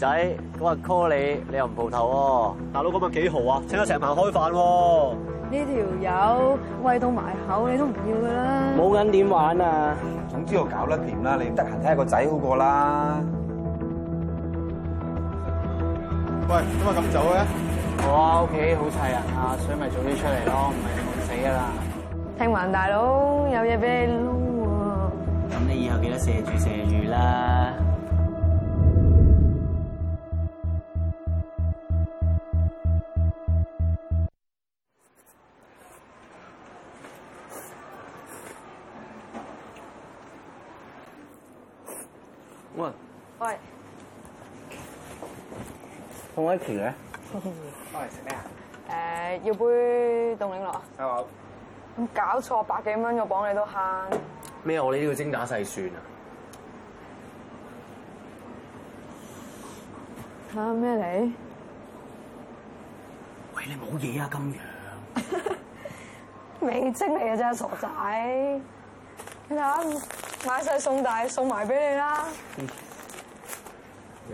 仔，我話 call 你，你又唔蒲頭喎，大佬今日幾豪啊？請得成晚開飯喎。呢條友餵到埋口，你都唔要㗎啦。冇銀點玩啊？總之我搞得掂啦，你得閒睇下個仔好過啦。喂，今日咁早嘅？我啊屋企好齊人啊，所以咪早啲出嚟咯，唔係悶死㗎啦。聽聞大佬有嘢俾你撈啊？咁你以後記得錫住錫住啦。喂，喂，洪一池咧？喂，食咩啊？誒、呃，要杯凍檸樂。你好。搞錯，百幾蚊個磅你都慳。咩啊？我呢啲叫精打細算啊！嚇咩嚟？喂，你冇嘢啊，咁樣。未精嚟嘅啫，傻仔。你睇下。買細送大，送埋俾你啦！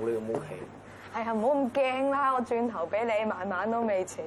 我呢個冇棋。哎呀，唔好咁驚啦，我轉頭俾你，晚晚都未遲。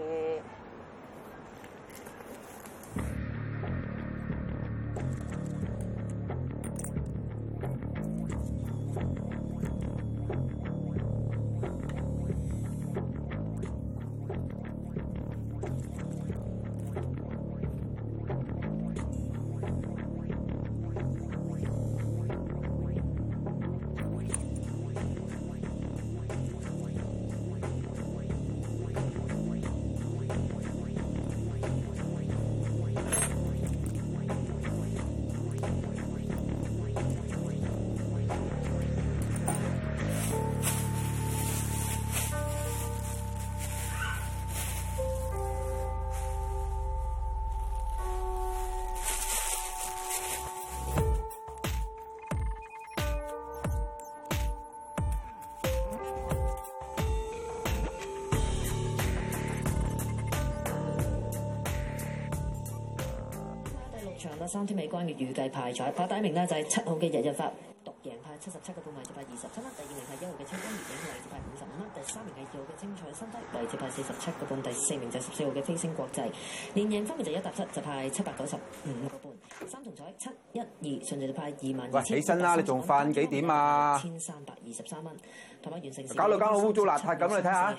三天美關嘅預計派彩，排第一名呢就係七號嘅日日發，獨贏派七十七個半，埋就派、是、二十七蚊；第二名係一號嘅清光月影，埋就派五十五蚊；第三名係二號嘅精彩新低，第二就派四十七個半；第四名就係十四號嘅飛星國際，連贏分別就一沓七，就派七百九十五個半。三重彩七一二順序就派二萬。喂，起身啦！你仲瞓幾點啊？千三百二十三蚊，同埋完成。搞到間污糟邋遢咁，你睇下，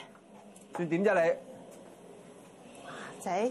算點啫你？仔。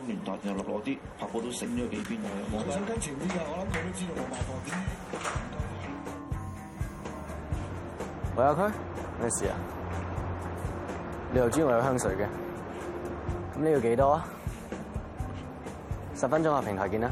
今年突然落攞啲拍波都醒咗幾邊㗎。我想跟前啲啊，我諗佢都知道我賣貨點。喂，阿區，咩事啊？你又知我有香水嘅？咁你要幾多啊？十分鐘啊，平台見啦。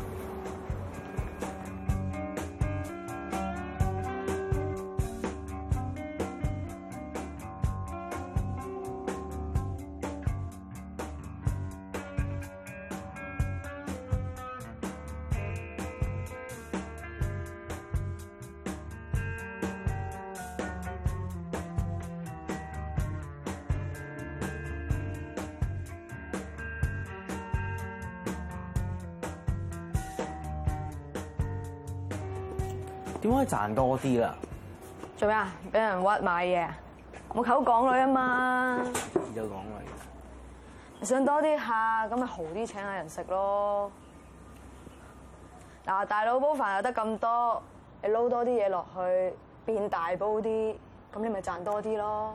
點可以賺多啲啊？做咩啊？俾人屈買嘢？我口港女啊嘛！又有港女，你想多啲客，咁咪豪啲請下人食咯。嗱，大佬煲飯又得咁多，你撈多啲嘢落去，變大煲啲，咁你咪賺多啲咯。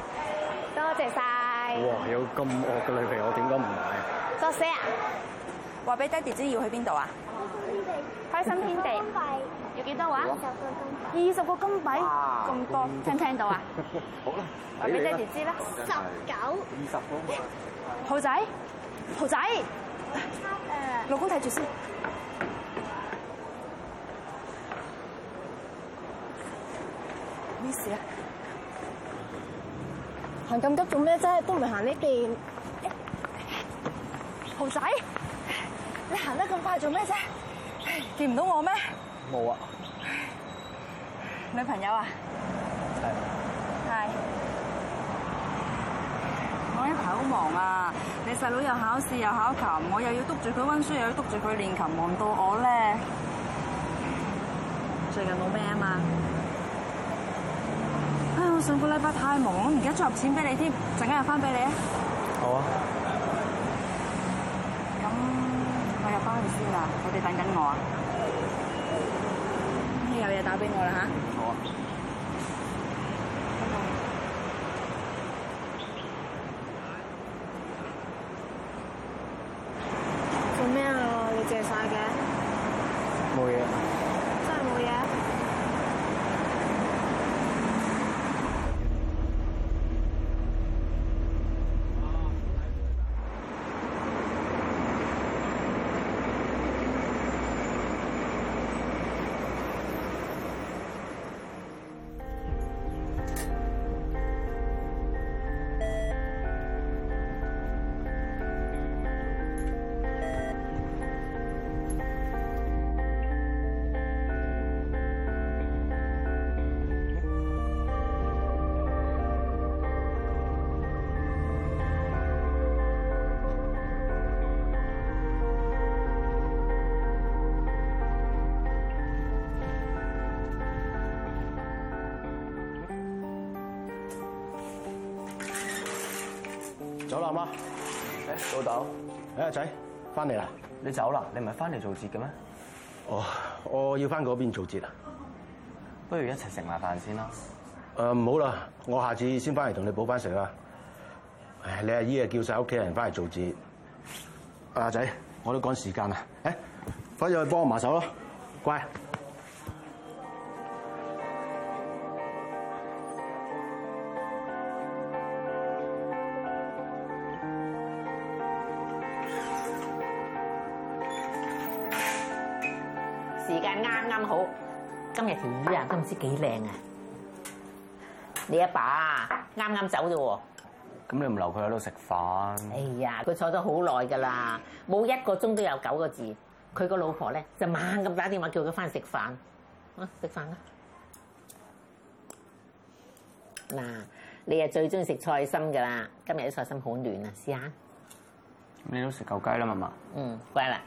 多謝晒！哇，有咁惡嘅女朋友，我點解唔買啊 j o s 啊，話俾爹哋知要去邊度啊？開心天地。二十個金幣。有 幾多話、啊？二十、啊、個金幣。二十個金幣，咁多， 聽唔聽到啊？好 啦，話俾爹哋知啦。十九。二十個金幣。豪仔，豪仔、嗯。老公睇住先。咩、嗯、事啊？行咁急做咩啫？都唔行呢邊，豪仔，你行得咁快做咩啫？見唔到我咩？冇啊，女朋友啊？係，我一排好忙啊！你細佬又考試又考琴，我又要督住佢溫書，又要督住佢練琴，忙到我咧，最近冇咩啊嘛？上個禮拜太忙，而家追入錢俾你添，陣間又翻俾你啊！好啊，咁我入翻去先啦。我哋等緊我啊！你、嗯、有嘢打俾我啦吓？好啊。好啦，媽。誒、欸，老豆。誒、欸，阿仔，翻嚟啦。你走啦？你唔係翻嚟做節嘅咩？哦，我要翻嗰邊做節啊。不如一齊食埋飯先啦。誒、呃，唔好啦，我下次先翻嚟同你補翻食啦。誒，你阿姨啊叫晒屋企人翻嚟做節。阿仔，我都趕時間啦。誒、欸，快啲去幫我埋手咯，乖。條魚啊，都唔知幾靚啊！你阿爸啱啱走咋喎？咁你唔留佢喺度食飯？哎呀，佢坐咗好耐噶啦，冇一個鐘都有九個字。佢個老婆咧就猛咁打電話叫佢翻去食飯，啊食飯啦！嗱、啊，你啊最中意食菜心噶啦，今日啲菜心好嫩啊，試下。你都食夠雞啦，媽媽。嗯，乖啦。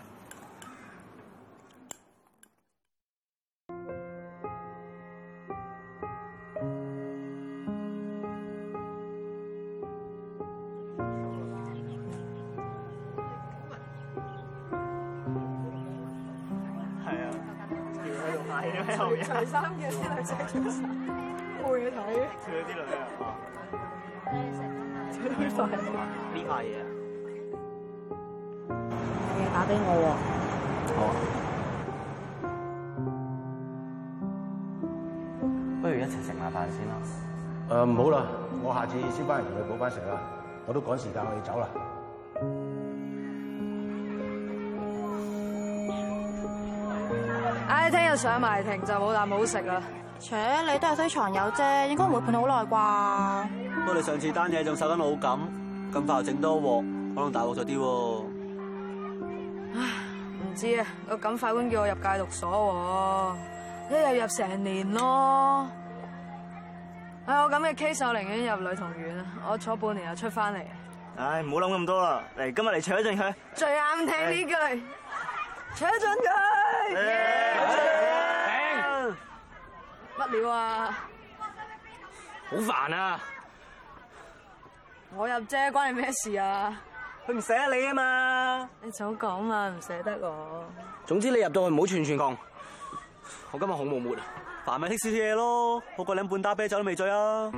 冇嘢睇。佢啲啊，食飯呢排嘢。你打俾我啊好、啊。不如一齊食下飯先啦。唔好啦，我下次先翻嚟同你補翻食啦。我都趕時間要走啦。唉，聽日上埋庭就冇啖好食啦。且你都係衰藏友啫，應該唔會判好耐啩。不過你上次單嘢仲受緊老感，咁快又整多鑊，可能大鑊咗啲。唉，唔知啊，個檢法官叫我入戒毒所，啊，一日入成年咯。唉，我咁嘅 case 我寧願入女童院，我坐半年又出翻嚟。唉，唔好諗咁多啦，嚟今日嚟扯盡佢。最啱聽呢句，扯盡佢。乜料啊！好煩啊！我入啫，關你咩事啊？佢唔捨得你啊嘛！你早講啊，唔捨得我。總之你入到去唔好串串貢。我今日好無末，煩咪食少少嘢咯。我過兩半打啤酒都未醉啊！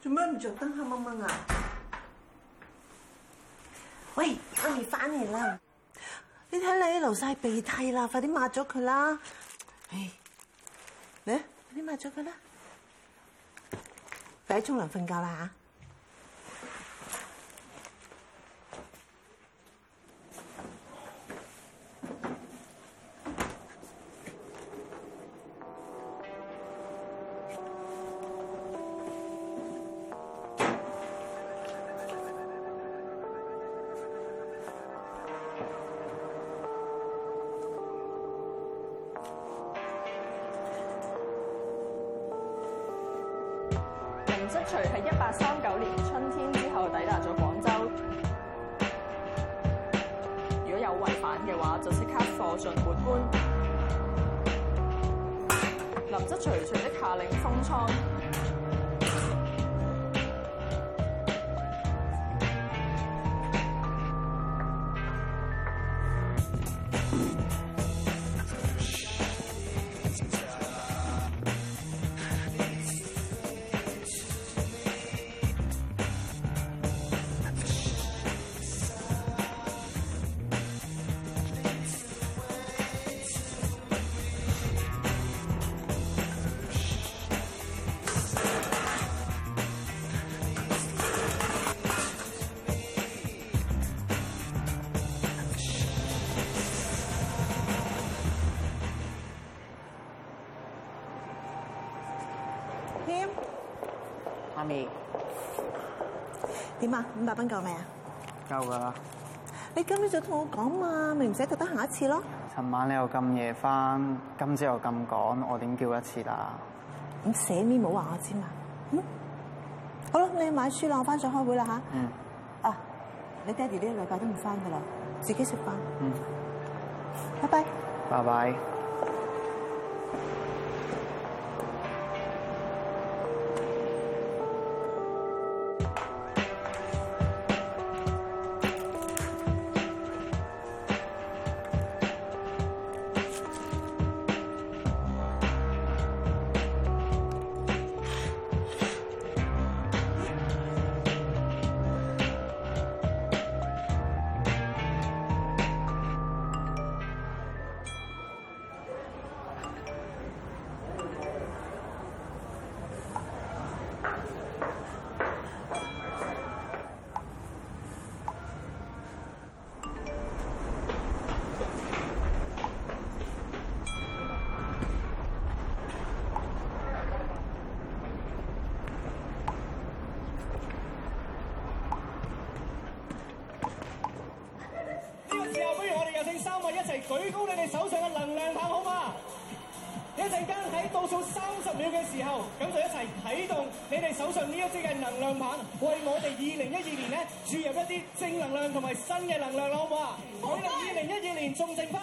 做乜唔着燈黑掹掹啊？喂，媽咪翻嚟啦！你睇你流晒鼻涕啦，快啲抹咗佢啦！嚟，快啲抹咗佢啦！快啲沖涼瞓覺啦吓！林則徐喺一八三九年春天之後抵達咗廣州，如果有違反嘅話，就即刻貨盡沒官。林則徐隨即下令封倉。點啊？五百蚊夠未啊？夠噶啦！你今日就同我講嘛，咪唔使特登下一次咯。尋晚你又咁夜翻，今朝又咁趕，我點叫一次啦？咁寫面冇話我知嘛？嗯。好啦，你去買書啦，我翻上開會啦吓、啊！嗯。啊！你爹哋呢個禮拜都唔翻噶啦，自己食飯。嗯。拜拜。拜拜。舉高你哋手上嘅能量棒，好嗎？一陣間喺倒數三十秒嘅時候，咁就一齊啟動你哋手上呢一支嘅能量棒，為我哋二零一二年咧注入一啲正能量同埋新嘅能量咯，好唔好啊？我哋二零一二年仲剩翻，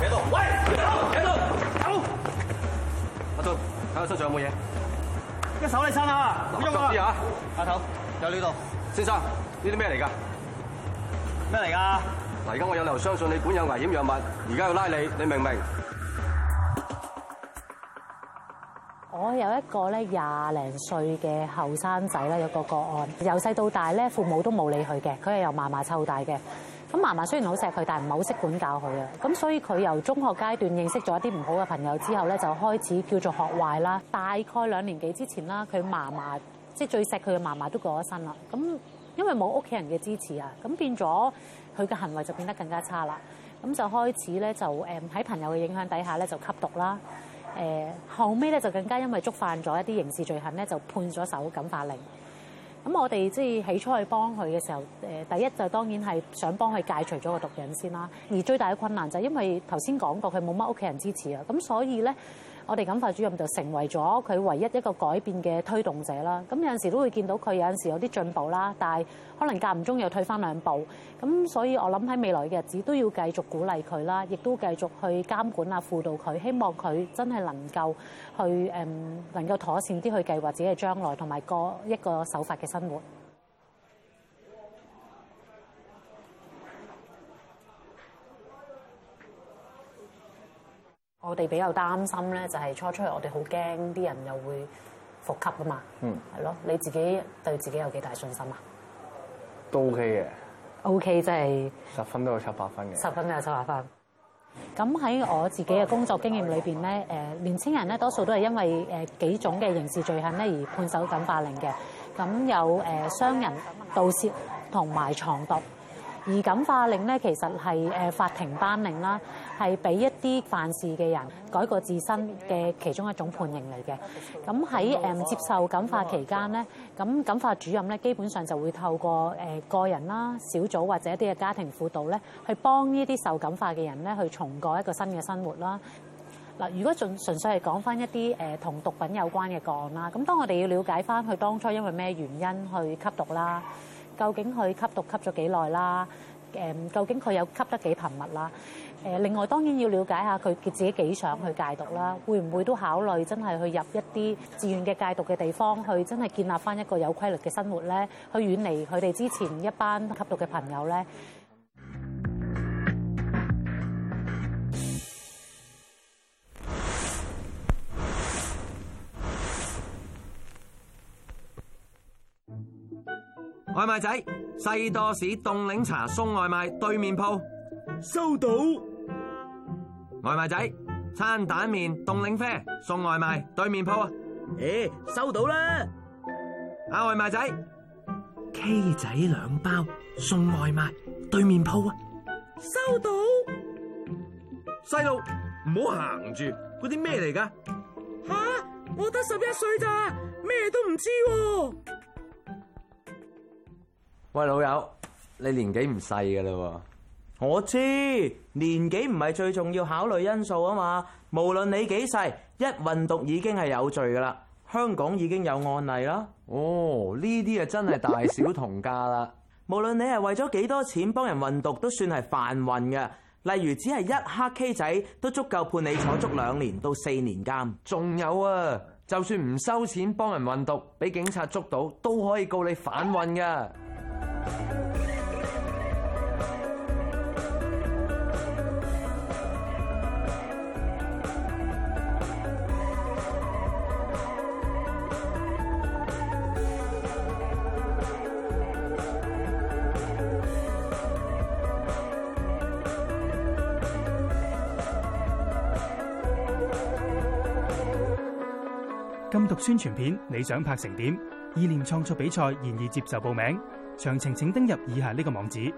喺度，喂，喺度，度，阿頭，睇下身上有冇嘢。一手你伸啊，唔好用啊，阿頭，有呢度。先生，呢啲咩嚟噶？咩嚟噶？嗱，而家我有理由相信你管有危險藥物，而家要拉你，你明唔明？我有一個咧廿零歲嘅後生仔咧，有個個案，由細到大咧，父母都冇理佢嘅，佢係由嫲嫲湊大嘅。咁嫲嫲雖然好錫佢，但係唔係好識管教佢啊！咁所以佢由中學階段認識咗一啲唔好嘅朋友之後咧，就開始叫做學壞啦。大概兩年幾之前啦，佢嫲嫲即係最錫佢嘅嫲嫲都過咗身啦。咁因為冇屋企人嘅支持啊，咁變咗佢嘅行為就變得更加差啦。咁就開始咧，就誒喺朋友嘅影響底下咧，就吸毒啦。誒後尾咧，就更加因為觸犯咗一啲刑事罪行咧，就判咗受感化令。咁我哋即係起初去幫佢嘅時候，誒第一就當然係想幫佢戒除咗個毒癮先啦。而最大嘅困難就係因為頭先講過佢冇乜屋企人支持啊，咁所以咧。我哋感化主任就成為咗佢唯一一個改變嘅推動者啦。咁有陣時都會見到佢有陣時有啲進步啦，但係可能間唔中又退翻兩步。咁所以我諗喺未來嘅日子都要繼續鼓勵佢啦，亦都繼續去監管呀輔導佢，希望佢真係能夠去誒能夠妥善啲去計劃自己嘅將來同埋過一個守法嘅生活。我哋比較擔心咧，就係初出去我哋好驚啲人又會復吸噶嘛、嗯，係咯？你自己對自己有幾大信心啊？都 OK 嘅。OK 即係十分都有七八分嘅。十分都有七八分，分，分。咁喺我自己嘅工作經驗裏邊咧，誒、嗯，年青人咧多數都係因為誒幾種嘅刑事罪行咧而判守感化令嘅。咁有誒傷人、盜竊同埋藏毒。而感化令咧，其實係誒法庭頒令啦。係俾一啲犯事嘅人改過自身嘅其中一種判刑嚟嘅。咁喺誒接受感化期間咧，咁感化主任咧基本上就會透過誒個人啦、小組或者一啲嘅家庭輔導咧，去幫呢啲受感化嘅人咧去重過一個新嘅生活啦。嗱，如果純純粹係講翻一啲誒同毒品有關嘅個案啦，咁當我哋要了解翻佢當初因為咩原因去吸毒啦，究竟佢吸毒吸咗幾耐啦？誒，究竟佢有吸得幾頻密啦？另外當然要了解一下佢自己幾想去戒毒啦，會唔會都考慮真係去入一啲自願嘅戒毒嘅地方，去真係建立返一個有規律嘅生活呢？去遠離佢哋之前一班吸毒嘅朋友呢？外賣仔，西多士凍檸茶送外賣，對面鋪。收到，外賣仔，餐蛋麵凍檸啡送外賣對面鋪啊！誒、欸，收到啦，啊，外賣仔，K 仔兩包送外賣對面鋪啊！收到，細路唔好行住，嗰啲咩嚟噶？吓、啊，我得十一歲咋，咩都唔知、啊。喂，老友，你年紀唔細噶啦。我知年紀唔係最重要考慮因素啊嘛，無論你幾細，一運毒已經係有罪噶啦。香港已經有案例啦。哦，呢啲啊真係大小同價啦。無論你係為咗幾多錢幫人運毒，都算係販運嘅。例如只係一克 K 仔都足夠判你坐足兩年到四年監。仲有啊，就算唔收錢幫人運毒，俾警察捉到，都可以告你販運嘅。讀宣傳片，你想拍成點？意念創作比賽現已接受報名，詳情請登入以下呢個網址。